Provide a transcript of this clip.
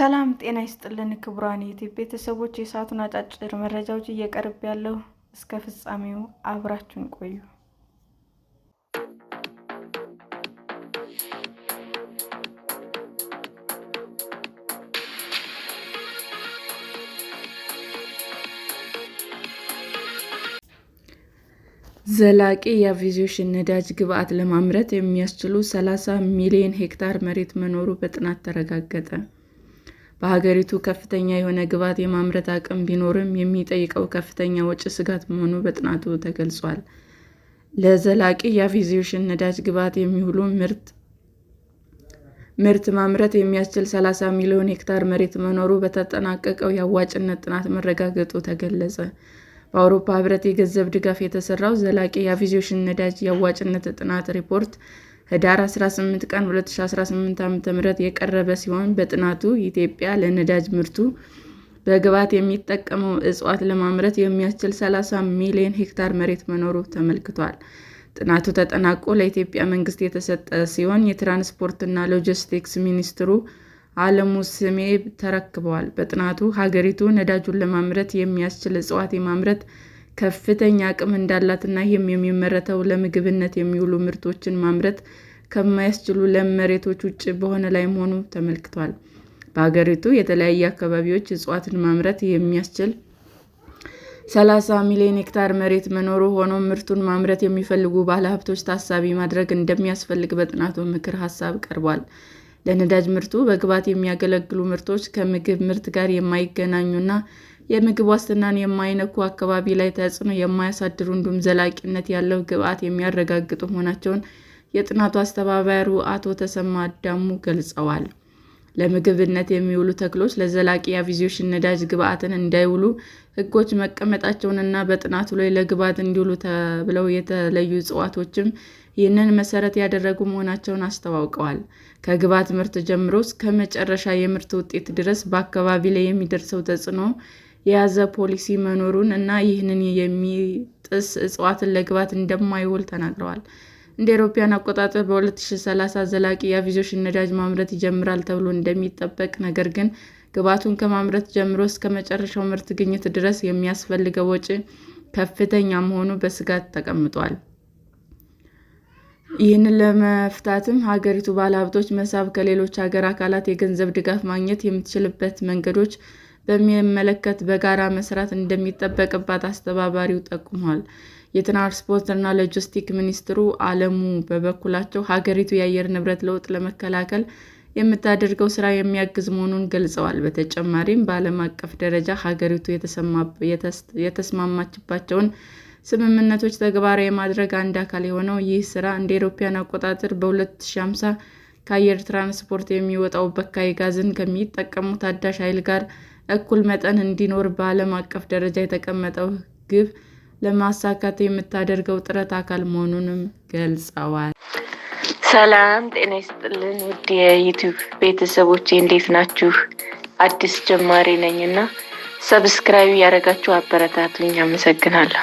ሰላም ጤና ይስጥልን ክቡራን ዩቲዩብ ቤተሰቦች፣ የሰዓቱን አጫጭር መረጃዎች እየቀርብ ያለው እስከ ፍጻሜው አብራችሁን ቆዩ። ዘላቂ የአቪዬሽን ነዳጅ ግብዓት ለማምረት የሚያስችሉ 30 ሚሊዮን ሄክታር መሬት መኖሩ በጥናት ተረጋገጠ። በሀገሪቱ ከፍተኛ የሆነ ግብዓት የማምረት አቅም ቢኖርም የሚጠይቀው ከፍተኛ ወጪ ስጋት መሆኑ በጥናቱ ተገልጿል። ለዘላቂ የአቪዬሽን ነዳጅ ግብዓት የሚውሉ ምርት ማምረት የሚያስችል 30 ሚሊዮን ሄክታር መሬት መኖሩ በተጠናቀቀው የአዋጭነት ጥናት መረጋገጡ ተገለጸ። በአውሮፓ ሕብረት የገንዘብ ድጋፍ የተሰራው ዘላቂ የአቪዬሽን ነዳጅ የአዋጭነት ጥናት ሪፖርት ህዳር 18 ቀን 2018 ዓ.ም የቀረበ ሲሆን በጥናቱ ኢትዮጵያ ለነዳጅ ምርቱ በግብዓት የሚጠቀመው እፅዋት ለማምረት የሚያስችል 30 ሚሊዮን ሄክታር መሬት መኖሩ ተመልክቷል። ጥናቱ ተጠናቆ ለኢትዮጵያ መንግስት የተሰጠ ሲሆን የትራንስፖርትና ሎጂስቲክስ ሚኒስትሩ አለሙ ስሜ ተረክበዋል። በጥናቱ ሀገሪቱ ነዳጁን ለማምረት የሚያስችል እፅዋት የማምረት ከፍተኛ አቅም እንዳላትና ይህም የሚመረተው ለምግብነት የሚውሉ ምርቶችን ማምረት ከማያስችሉ ለም መሬቶች ውጭ በሆነ ላይ መሆኑ ተመልክቷል። በሀገሪቱ የተለያዩ አካባቢዎች እፅዋትን ማምረት የሚያስችል 30 ሚሊዮን ሄክታር መሬት መኖሩ፣ ሆኖም ምርቱን ማምረት የሚፈልጉ ባለሀብቶች ታሳቢ ማድረግ እንደሚያስፈልግ በጥናቱ ምክር ሀሳብ ቀርቧል። ለነዳጅ ምርቱ በግብዓት የሚያገለግሉ ምርቶች ከምግብ ምርት ጋር የማይገናኙና የምግብ ዋስትናን የማይነኩ አካባቢ ላይ ተጽዕኖ የማያሳድሩ እንዲሁም ዘላቂነት ያለው ግብዓት የሚያረጋግጡ መሆናቸውን የጥናቱ አስተባባሪ አቶ ተሰማ አዳሙ ገልጸዋል። ለምግብነት የሚውሉ ተክሎች ለዘላቂ የአቪዬሽን ነዳጅ ግብዓትን እንዳይውሉ ሕጎች መቀመጣቸውንና በጥናቱ ላይ ለግብዓት እንዲውሉ ተብለው የተለዩ እጽዋቶችም ይህንን መሰረት ያደረጉ መሆናቸውን አስተዋውቀዋል። ከግብዓት ምርት ጀምሮ እስከ መጨረሻ የምርት ውጤት ድረስ በአካባቢ ላይ የሚደርሰው ተጽዕኖ የያዘ ፖሊሲ መኖሩን እና ይህንን የሚጥስ እጽዋትን ለግብዓት እንደማይውል ተናግረዋል። እንደ አውሮፓውያን አቆጣጠር በ2030 ዘላቂ የአቪዬሽን ነዳጅ ማምረት ይጀምራል ተብሎ እንደሚጠበቅ፣ ነገር ግን ግብዓቱን ከማምረት ጀምሮ እስከ መጨረሻው ምርት ግኝት ድረስ የሚያስፈልገው ወጪ ከፍተኛ መሆኑ በስጋት ተቀምጧል። ይህንን ለመፍታትም ሀገሪቱ ባለሀብቶች መሳብ፣ ከሌሎች ሀገር አካላት የገንዘብ ድጋፍ ማግኘት የምትችልበት መንገዶች በሚመለከት በጋራ መስራት እንደሚጠበቅባት አስተባባሪው ጠቁሟል። የትራንስፖርት ና ሎጂስቲክ ሚኒስትሩ አለሙ በበኩላቸው ሀገሪቱ የአየር ንብረት ለውጥ ለመከላከል የምታደርገው ስራ የሚያግዝ መሆኑን ገልጸዋል። በተጨማሪም በዓለም አቀፍ ደረጃ ሀገሪቱ የተስማማችባቸውን ስምምነቶች ተግባራዊ የማድረግ አንድ አካል የሆነው ይህ ስራ እንደ አውሮፓውያን አቆጣጠር በ2050 ከአየር ትራንስፖርት የሚወጣው በካይ ጋዝን ከሚጠቀሙ ታዳሽ ኃይል ጋር እኩል መጠን እንዲኖር በዓለም አቀፍ ደረጃ የተቀመጠው ግብ ለማሳካት የምታደርገው ጥረት አካል መሆኑንም ገልጸዋል። ሰላም ጤና ይስጥልን ውድ የዩቲዩብ ቤተሰቦች እንዴት ናችሁ? አዲስ ጀማሪ ነኝ እና ሰብስክራይብ ያደረጋችሁ አበረታቱኝ። አመሰግናለሁ።